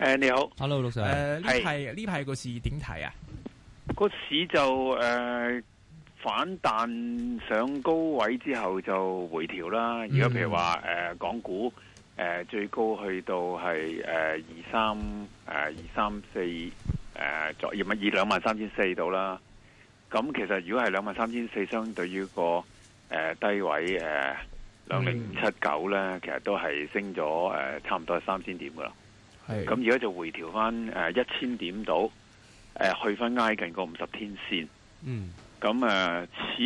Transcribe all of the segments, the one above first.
誒，你好，Hello，老、呃、細。誒，呢排呢排個市點睇啊？個市就誒、呃、反彈上高位之後就回調啦，嗯。如果譬如話誒、呃、港股誒、呃、最高去到係誒二三誒二三四誒左二萬二兩萬三千四度啦。咁其實如果係兩萬三千四相對於個誒、呃、低位誒兩零七九咧，其實都係升咗誒、呃、差唔多係三千點㗎喇。咁而家就回調翻誒一千點度，誒去翻挨近個五十天線。嗯，咁誒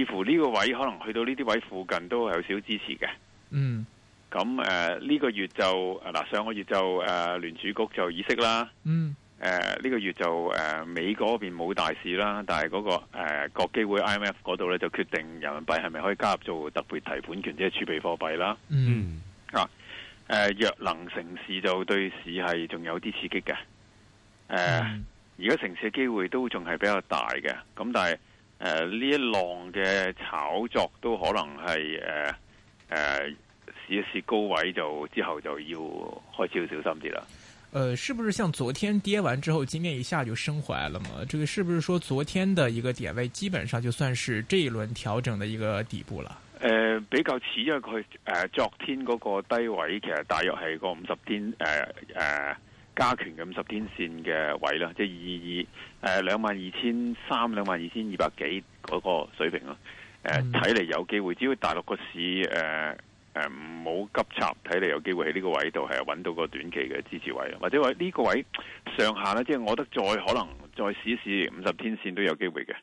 似乎呢個位可能去到呢啲位附近都係有少少支持嘅。嗯，咁誒呢個月就嗱上個月就誒聯儲局就議息啦。嗯，誒、這、呢個月就誒美國嗰邊冇大事啦，但係嗰個誒國基會 IMF 嗰度咧就決定人民幣係咪可以加入做特別提款權即係、就是、儲備貨幣啦。嗯，啊。誒、呃，若能成事就對市係仲有啲刺激嘅。誒、呃，而家成事嘅機會都仲係比較大嘅。咁但係誒呢一浪嘅炒作都可能係誒誒試一試高位就之後就要開始要小心啲啦。誒、呃，是不是像昨天跌完之後，今天一下就升回來了嘛？這個是不是說昨天的一個點位，基本上就算是這一輪調整的一個底部啦？誒、呃，比較似，因為佢誒、呃，昨天嗰個低位，其實大約係個五十天誒誒、呃呃、加權嘅五十天線嘅位啦，即係二二誒兩萬二千三，兩萬二千二百幾嗰個水平咯。誒、呃，睇、嗯、嚟有機會，只要大陸個市誒誒唔好急插，睇嚟有機會喺呢個位度係揾到個短期嘅支持位，或者話呢個位上下咧，即、就、係、是、我覺得再可能再試試五十天線都有機會嘅。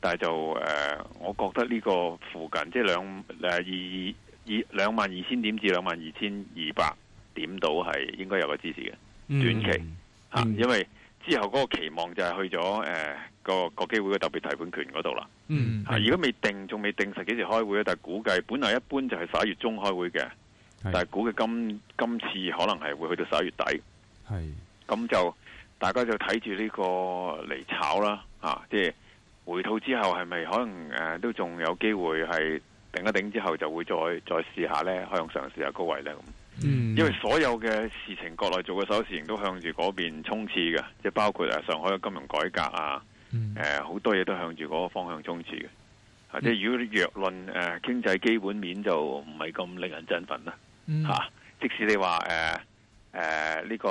但係就誒、呃，我覺得呢個附近即係兩誒二二二兩萬二千點至兩萬二千二百點度係應該有個支持嘅、嗯、短期嚇，嗯啊嗯、因為之後嗰個期望就係去咗誒、呃、個國基會嘅特別提款權嗰度啦。嗯，係而家未定，仲未定實幾時開會，但係估計本來一般就係十一月中開會嘅，但係估計今今次可能係會去到十一月底。係咁就大家就睇住呢個嚟炒啦嚇，即係。回吐之後，係咪可能誒、呃、都仲有機會係頂一頂之後就會再再試下呢？向上試下高位呢？咁，嗯，因為所有嘅事情國內做嘅所有事情都向住嗰邊衝刺嘅，即係包括誒上海嘅金融改革啊，誒、嗯、好、呃、多嘢都向住嗰個方向衝刺嘅。即係如果若論誒、呃、經濟基本面就唔係咁令人振奮啦，嚇、嗯啊！即使你話誒。呃誒、呃，呢、這個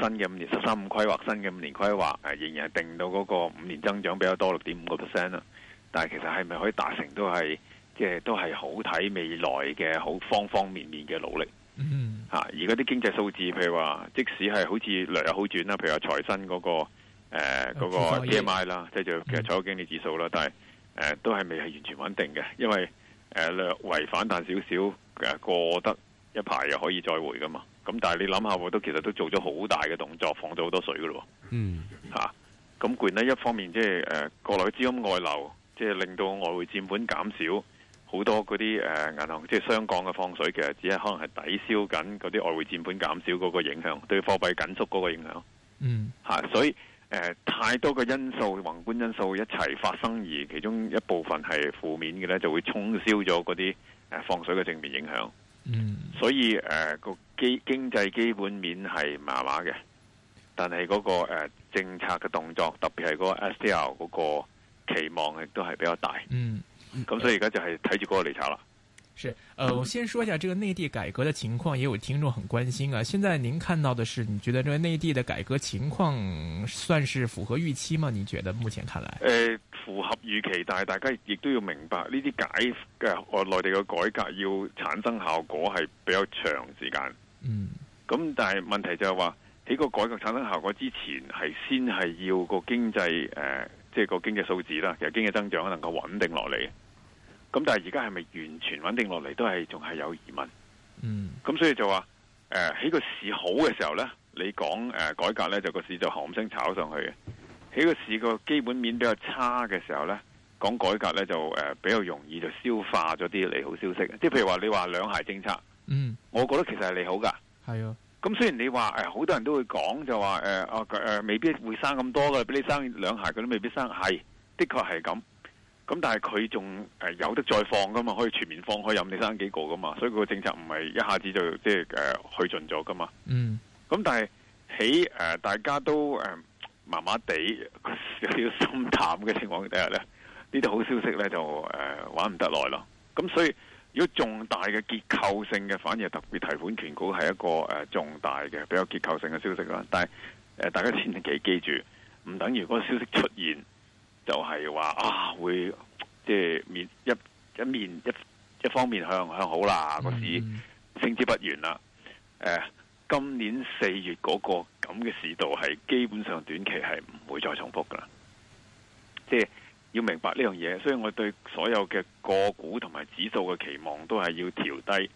新嘅五年十三五規劃，新嘅五年規劃誒、呃，仍然係定到嗰個五年增長比較多六點五個 percent 啦。但係其實係咪可以達成都係，即、就、係、是、都係好睇未來嘅好方方面面嘅努力。吓、嗯啊、而家啲經濟數字，譬如話即使係好似略有好轉啦，譬如話財新嗰、那個誒嗰、呃呃那個 GMI 啦、嗯，即係就其實財富經理指數啦，但係誒、呃、都係未係完全穩定嘅，因為誒、呃、略微反彈少少，誒過得一排又可以再回噶嘛。咁但係你諗下，我都其實都做咗好大嘅動作，放咗好多水噶咯喎。嗯，嚇、啊，咁固然一方面即係誒國內嘅資金外流，即、就、係、是、令到外匯佔款減少好多嗰啲誒銀行，即係香港嘅放水，其實只係可能係抵消緊嗰啲外匯佔款減少嗰個影響，對貨幣緊縮嗰個影響。嗯，嚇、啊，所以誒、呃、太多嘅因素，宏觀因素一齊發生而其中一部分係負面嘅咧，就會沖銷咗嗰啲誒放水嘅正面影響。嗯，所以誒、呃那個基經濟基本面係麻麻嘅，但係、那個誒、呃、政策嘅動作，特別係個 STL 嗰期望亦都係比較大。嗯，咁所以而家就係睇住個嚟炒啦。是，呃，我先說一下這個內地改革的情況，也有聽眾很關心啊。現在您看到的是，你覺得個內地的改革情況算是符合預期嗎？你覺得目前看來？呃，符合預期，但係大家亦都要明白呢啲改嘅內地嘅改革要產生效果係比較長時間。嗯，咁但係問題就係話喺個改革產生效果之前，係先係要個經濟誒、呃，即係個經濟數字啦，其實經濟增長能夠穩定落嚟。咁但係而家係咪完全穩定落嚟都係仲係有疑問？嗯，咁所以就話誒喺個市好嘅時候咧，你講誒、呃、改革咧，就個市就喊聲炒上去嘅；喺個市個基本面比較差嘅時候咧，講改革咧就誒、呃、比較容易就消化咗啲利好消息。即係譬如話你話兩孩政策，嗯，我覺得其實係利好㗎。係啊，咁雖然你話誒好多人都會講就話誒啊誒，未必會生咁多嘅，俾你生兩孩，佢都未必生。係，的確係咁。咁但係佢仲誒有得再放噶嘛？可以全面放開，任你生幾個噶嘛？所以個政策唔係一下子就即係誒去盡咗噶嘛。嗯。咁但係喺誒大家都誒麻麻地，有啲心淡嘅情況底下咧，呢啲好消息咧就誒、呃、玩唔得耐咯。咁、嗯、所以如果重大嘅結構性嘅，反而特別提款權股係一個誒重大嘅比較結構性嘅消息啦。但係誒、呃、大家千祈記得，記住，唔等於嗰個消息出現。就係、是、話啊，會即係面一一面一一方面向向好啦，個市升之不完啦、呃。今年四月嗰、那個咁嘅市道係基本上短期係唔會再重複㗎啦。即係要明白呢樣嘢，所以我對所有嘅個股同埋指數嘅期望都係要調低。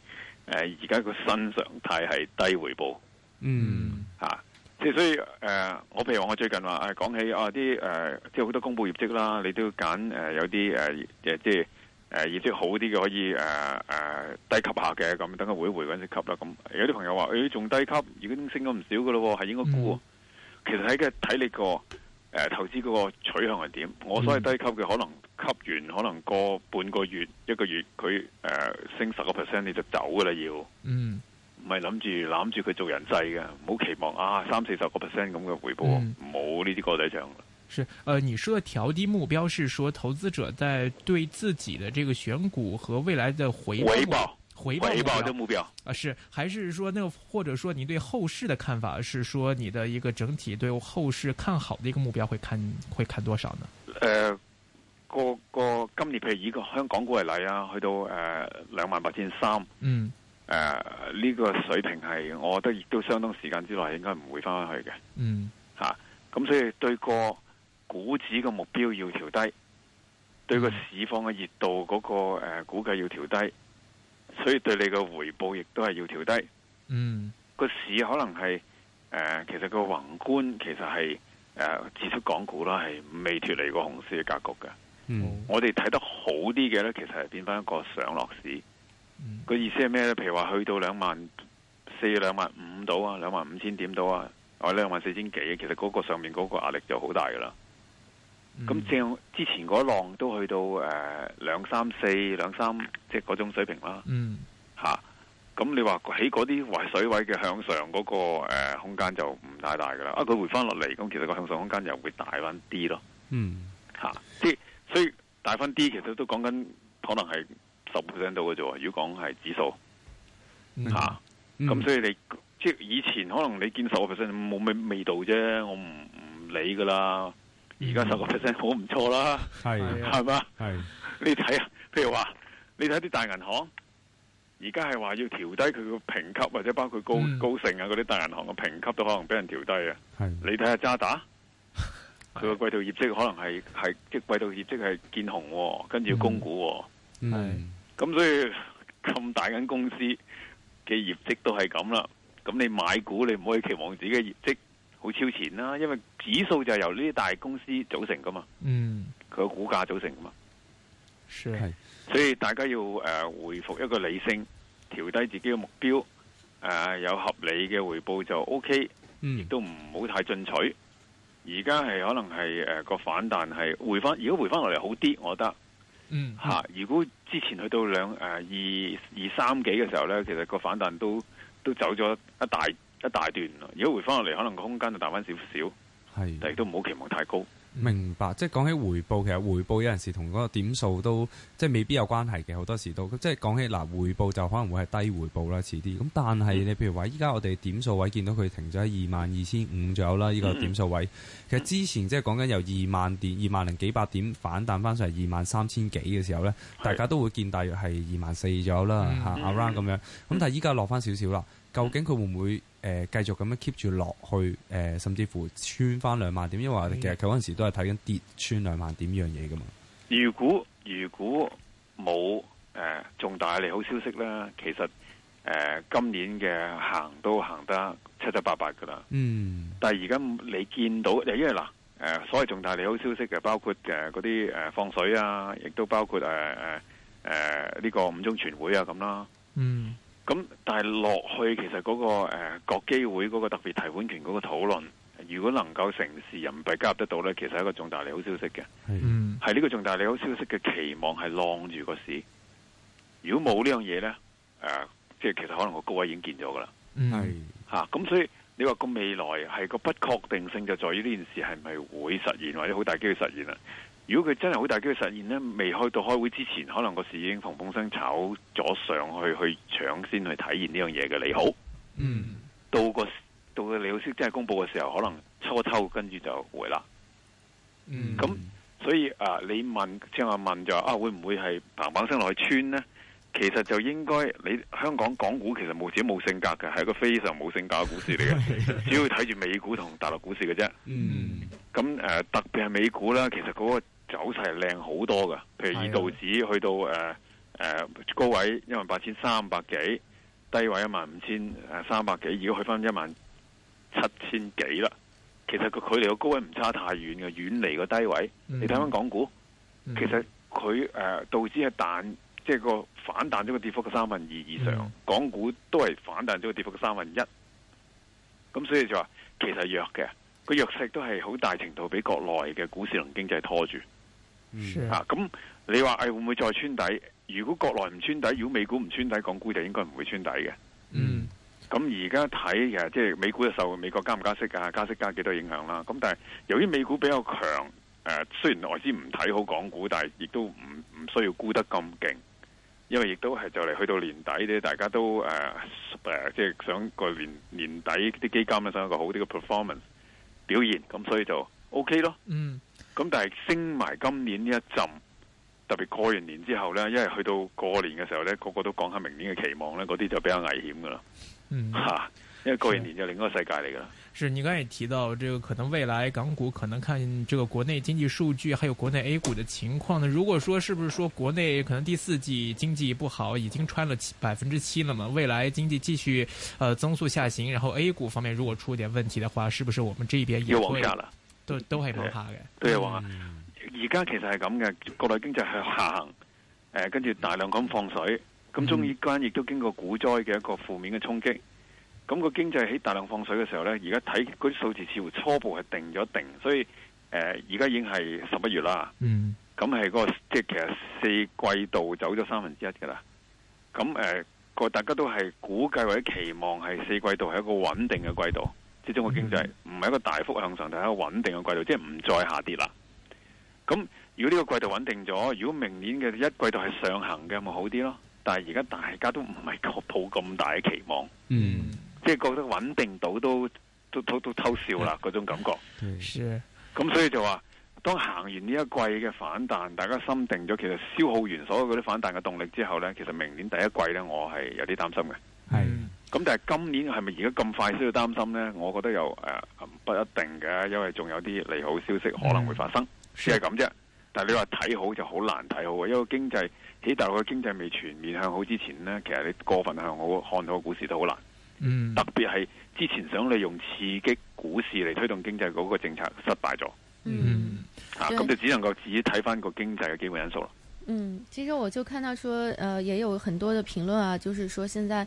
而家個新常態係低回報。嗯，吓、啊。即所以誒，我、呃、譬如話，我最近話誒講起啊啲誒，即好、呃、多公布業績啦，你都要揀誒、呃、有啲誒誒即誒業績好啲嘅可以誒誒、呃呃、低級下嘅咁，等佢回一回嗰陣時級啦。咁有啲朋友話：誒、欸、仲低級，已經升咗唔少嘅咯，係應該沽、嗯。其實睇嘅睇你個誒、呃、投資嗰個取向係點。我所謂低級嘅可能吸完，可能過半個月一個月，佢、呃、誒升十個 percent 你就走嘅啦要。嗯。唔係諗住攬住佢做人制嘅，唔好期望啊三四十個 percent 咁嘅回報，冇呢啲高低漲。是，誒、呃，你說調低目標，是說投資者在對自己的這個選股和未來的回報回報回報，回報的目標啊？是，還是說，那個或者說，你對後市的看法是說，你的一個整體對後市看好的一個目標會看會看多少呢？誒、呃，個個，個今年譬如以個香港股為例啊，去到誒兩萬八千三，嗯。誒、呃，呢、這個水平係，我覺得亦都相當時間之內應該唔會返返去嘅。嗯，吓、啊，咁所以對個股指嘅目標要調低，嗯、對個市況嘅熱度嗰、那個誒、呃、估計要調低，所以對你嘅回報亦都係要調低。嗯，那個市可能係誒、呃，其實個宏觀其實係誒，指出港股啦係未脱離過熊市嘅格局嘅。嗯，我哋睇得好啲嘅咧，其實係變翻一個上落市。個意思係咩咧？譬如話去到兩萬四、兩萬五度啊，兩萬五千點度啊，或者兩萬四千幾，其實嗰個上面嗰個壓力就好大噶啦。咁、嗯、正之前嗰浪都去到誒兩三四、兩、呃、三，即係嗰種水平啦。吓、嗯，咁、啊、你話喺嗰啲位水位嘅向上嗰、那個誒、呃、空間就唔太大噶啦。啊，佢回翻落嚟，咁其實個向上空間又會大翻啲咯。嗯，吓、啊，即係所以，所以大翻啲，其實都講緊可能係。十 percent 到嘅啫，如果講係指數吓，咁、嗯啊、所以你即係以前可能你見十個 percent 冇咩味道啫，我唔唔理噶啦。而家十個 percent 好唔錯啦，係係嘛？係、嗯、你睇下，譬如話你睇啲大銀行，而家係話要調低佢個評級，或者包括高、嗯、高盛啊嗰啲大銀行嘅評級都可能俾人調低啊。你睇下渣打，佢個季度業績可能係係即季度業績係見紅的，跟住要供股。嗯咁所以咁大間公司嘅業績都係咁啦。咁你買股，你唔可以期望自己嘅業績好超前啦、啊。因為指數就係由呢啲大公司組成噶嘛，嗯，佢個股價組成噶嘛。係，所以大家要誒、呃、回復一個理性，調低自己嘅目標，誒、呃、有合理嘅回報就 OK，亦都唔好太進取。而家係可能係誒個反彈係回翻，如果回翻落嚟好啲，我覺得。嗯，吓、嗯，如果之前去到兩誒、呃、二二三幾嘅時候咧，其實個反彈都都走咗一大一大段啦。如果回翻落嚟，可能個空間就大翻少少，係，但亦都唔好期望太高。明白，即係講起回報，其實回報有陣時同嗰個點數都即係未必有關係嘅，好多時都即係講起嗱、啊、回報就可能會係低回報啦，遲啲。咁但係你譬如話，依家我哋點數位見到佢停咗喺二萬二千五左右啦，呢、呢個點數位。嗯、其實之前即係講緊由二萬二萬零幾百點反彈翻上嚟二萬三千幾嘅時候呢，大家都會見大約係二萬四左右啦，嚇、嗯、around 咁樣。咁但係依家落翻少少啦，究竟佢會唔會？誒繼續咁樣 keep 住落去，誒甚至乎穿翻兩萬點，因為我哋其實佢嗰陣時都係睇緊跌穿兩萬點呢樣嘢噶嘛、嗯如。如果如果冇誒重大利好消息咧，其實誒、呃、今年嘅行都行得七七八八噶啦。嗯，但係而家你見到，因為嗱誒、呃、所謂重大利好消息嘅，包括誒嗰啲誒放水啊，亦都包括誒誒誒呢個五中全會啊咁啦。嗯。咁但係落去，其實嗰、那個誒、呃、國基會嗰個特別提款權嗰個討論，如果能夠成事，人民幣加入得到呢，其實係一個重大利好消息嘅。係，呢個重大利好消息嘅期望係晾住個市。如果冇呢樣嘢呢，即、呃、係其實可能個高位已經見咗噶啦。係，吓、啊、咁所以你話個未來係個不確定性，就在於呢件事係咪會實現，或者好大機會實現啦。如果佢真係好大機會實現呢，未開到開會之前，可能個市已經蓬蓬聲炒咗上去，去搶先去體驗呢樣嘢嘅利好。嗯，到、那個到個利好消息真係公布嘅時候，可能初秋跟住就回啦。嗯，咁所以啊、呃，你問即係話問就啊，會唔會係砰砰聲落去穿呢？其實就應該你香港港股其實冇自己冇性格嘅，係一個非常冇性格嘅股市嚟嘅， 主要睇住美股同大陸股市嘅啫。嗯，咁誒、呃，特別係美股啦，其實嗰、那個。走勢係靚好多噶，譬如以道指去到誒誒、呃、高位一萬八千三百幾，低位一萬五千誒三百幾，而家去翻一萬七千幾啦。其實佢距離個高位唔差太遠嘅，遠離個低位。你睇翻港股，嗯嗯，其實佢誒、呃、道指係彈，即係個反彈咗個跌幅嘅三分二以上，港股都係反彈咗個跌幅嘅三分一。咁所以就話，其實是弱嘅個弱勢都係好大程度俾國內嘅股市同經濟拖住。吓、mm、咁 -hmm. 啊、你話誒、哎、會唔會再穿底？如果國內唔穿底，如果美股唔穿底，港股就應該唔會穿底嘅。嗯、mm -hmm.，咁而家睇嘅即係美股受美國加唔加息啊，加息加幾多影響啦。咁、啊、但係由於美股比較強，誒、啊、雖然內資唔睇好港股，但係亦都唔唔需要沽得咁勁，因為亦都係就嚟去到年底咧，大家都誒誒即係想過年年底啲基金咧想有個好啲嘅 performance 表現，咁所以就 OK 咯。嗯、mm -hmm.。咁但係升埋今年呢一陣，特別過完年之後呢，因為去到過年嘅時候呢，個個都講下明年嘅期望呢，嗰啲就比較危險噶啦。嗯，哈、啊、因為過完年就另一個世界嚟噶啦。是你剛才提到，這個可能未來港股可能看這個國內經濟數據，還有國內 A 股嘅情況呢，如果說是不是說國內可能第四季經濟不好，已經穿了百分之七了嘛？未來經濟繼續呃增速下行，然後 A 股方面如果出點問題嘅話，是不是我們這一邊也往下了？都都係落下嘅，都有話、嗯。而、嗯、家其實係咁嘅，國內經濟向下行，誒跟住大量咁放水，咁、嗯、中意關亦都經過股災嘅一個負面嘅衝擊。咁、個經濟喺大量放水嘅時候咧，而家睇嗰啲數字似乎初步係定咗定，所以誒而家已經係十一月啦。嗯那是、那個，咁係個即係其實四季度走咗三分之一㗎啦。咁誒個大家都係估計或者期望係四季度係一個穩定嘅季度。即係中國經濟唔係一個大幅向上，但係一個穩定嘅季度，即係唔再下跌啦。咁如果呢個季度穩定咗，如果明年嘅一季度係上行嘅，咪好啲咯。但係而家大家都唔係抱咁大嘅期望，嗯，即係覺得穩定到都都都都偷笑啦嗰種感覺。咁所以就話，當行完呢一季嘅反彈，大家心定咗，其實消耗完所有嗰啲反彈嘅動力之後呢，其實明年第一季呢，我係有啲擔心嘅。係。咁但係今年係咪而家咁快需要擔心呢？我覺得又、呃、不一定嘅，因為仲有啲利好消息可能會發生，只係咁啫。但係你話睇好就好難睇好，因為經濟喺大陸嘅經濟未全面向好之前呢，其實你過分向好看好個股市都好難。嗯、mm.，特別係之前想利用刺激股市嚟推動經濟嗰個政策失敗咗。嗯、mm. 啊，咁就只能夠自己睇翻個經濟嘅基本因素。嗯，其實我就看到說，說、呃、也有很多嘅評論啊，就是說現在。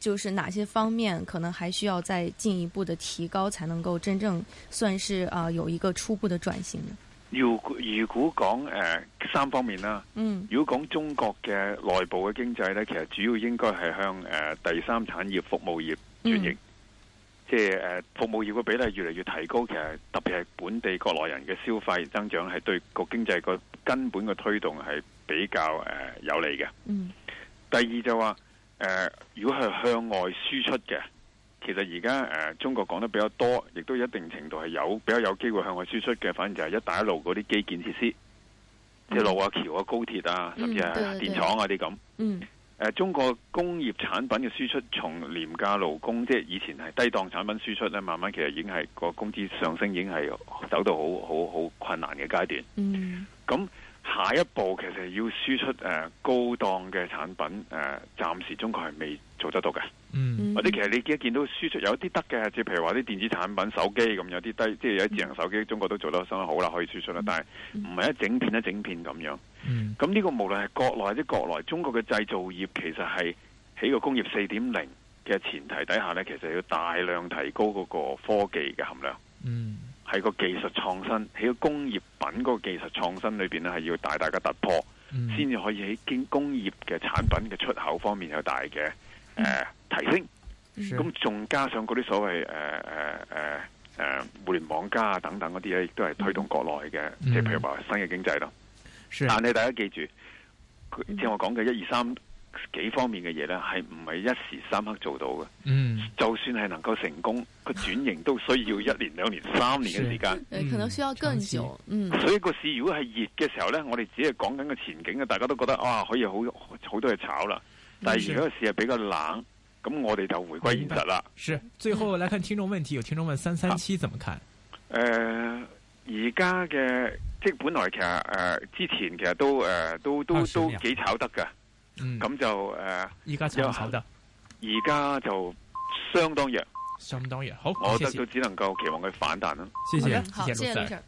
就是哪些方面可能還需要再進一步的提高，才能夠真正算是啊、呃、有一個初步的轉型呢。如果如果講誒、呃、三方面啦，嗯，如果講中國嘅內部嘅經濟咧，其實主要應該係向誒、呃、第三產業服務業轉型，即係誒服務業嘅比例越嚟越提高，其實特別係本地國內人嘅消費增長係對個經濟個根本嘅推動係比較誒、呃、有利嘅。嗯，第二就話、是。誒、呃，如果係向外輸出嘅，其實而家誒，中國講得比較多，亦都一定程度係有比較有機會向外輸出嘅。反正就係一帶一路嗰啲基建設施，mm -hmm. 即是係路啊、橋啊、高鐵啊，甚至係電廠啊啲咁。嗯。誒，中國工業產品嘅輸出，從廉價勞工，即係、mm -hmm. 以前係低檔產品輸出咧，慢慢其實已經係個工資上升，已經係走到好好好困難嘅階段。咁、mm -hmm. 下一步其實要輸出誒、呃、高檔嘅產品誒、呃，暫時中國係未做得到嘅。嗯，或者其實你而家見到輸出有啲得嘅，即係譬如話啲電子產品、手機咁，有啲低，即係有啲智能手機，中國都做得相當好啦，可以輸出啦、嗯。但係唔係一整片一整片咁樣。嗯，咁呢個無論係國內或者國內，中國嘅製造業其實係喺個工業四點零嘅前提底下呢，其實要大量提高嗰個科技嘅含量。嗯。喺個技術創新，喺個工業品嗰個技術創新裏邊咧，係要大大嘅突破，先、嗯、至可以喺經工業嘅產品嘅出口方面有大嘅誒、嗯、呃、提升。咁仲加上嗰啲所謂誒誒誒誒互聯網加啊等等嗰啲咧，亦都係推動國內嘅，即、嗯、係譬如話新嘅經濟咯。但係大家記住，正如我講嘅一二三。幾方面嘅嘢咧，係唔係一時三刻做到嘅？嗯，就算係能夠成功，個轉型都需要一年、兩年、三年嘅時間。嗯，可能需要更久。嗯，所以個市如果係熱嘅時候咧，我哋只係講緊個前景嘅，大家都覺得哇可以好好多嘢炒啦。但係如果個市係比較冷，咁我哋就回歸現實啦、嗯。是，最後嚟看聽眾問題，有聽眾問三三七怎麼看？誒、啊，而家嘅即係本來其實誒、呃、之前其實都誒、呃、都都都幾炒得噶。嗯，咁就誒而家查考得，而、呃、家就相當弱，相當弱。好，我覺得都只能夠期望佢反彈啦、啊。多謝，謝好，好，謝謝主持人。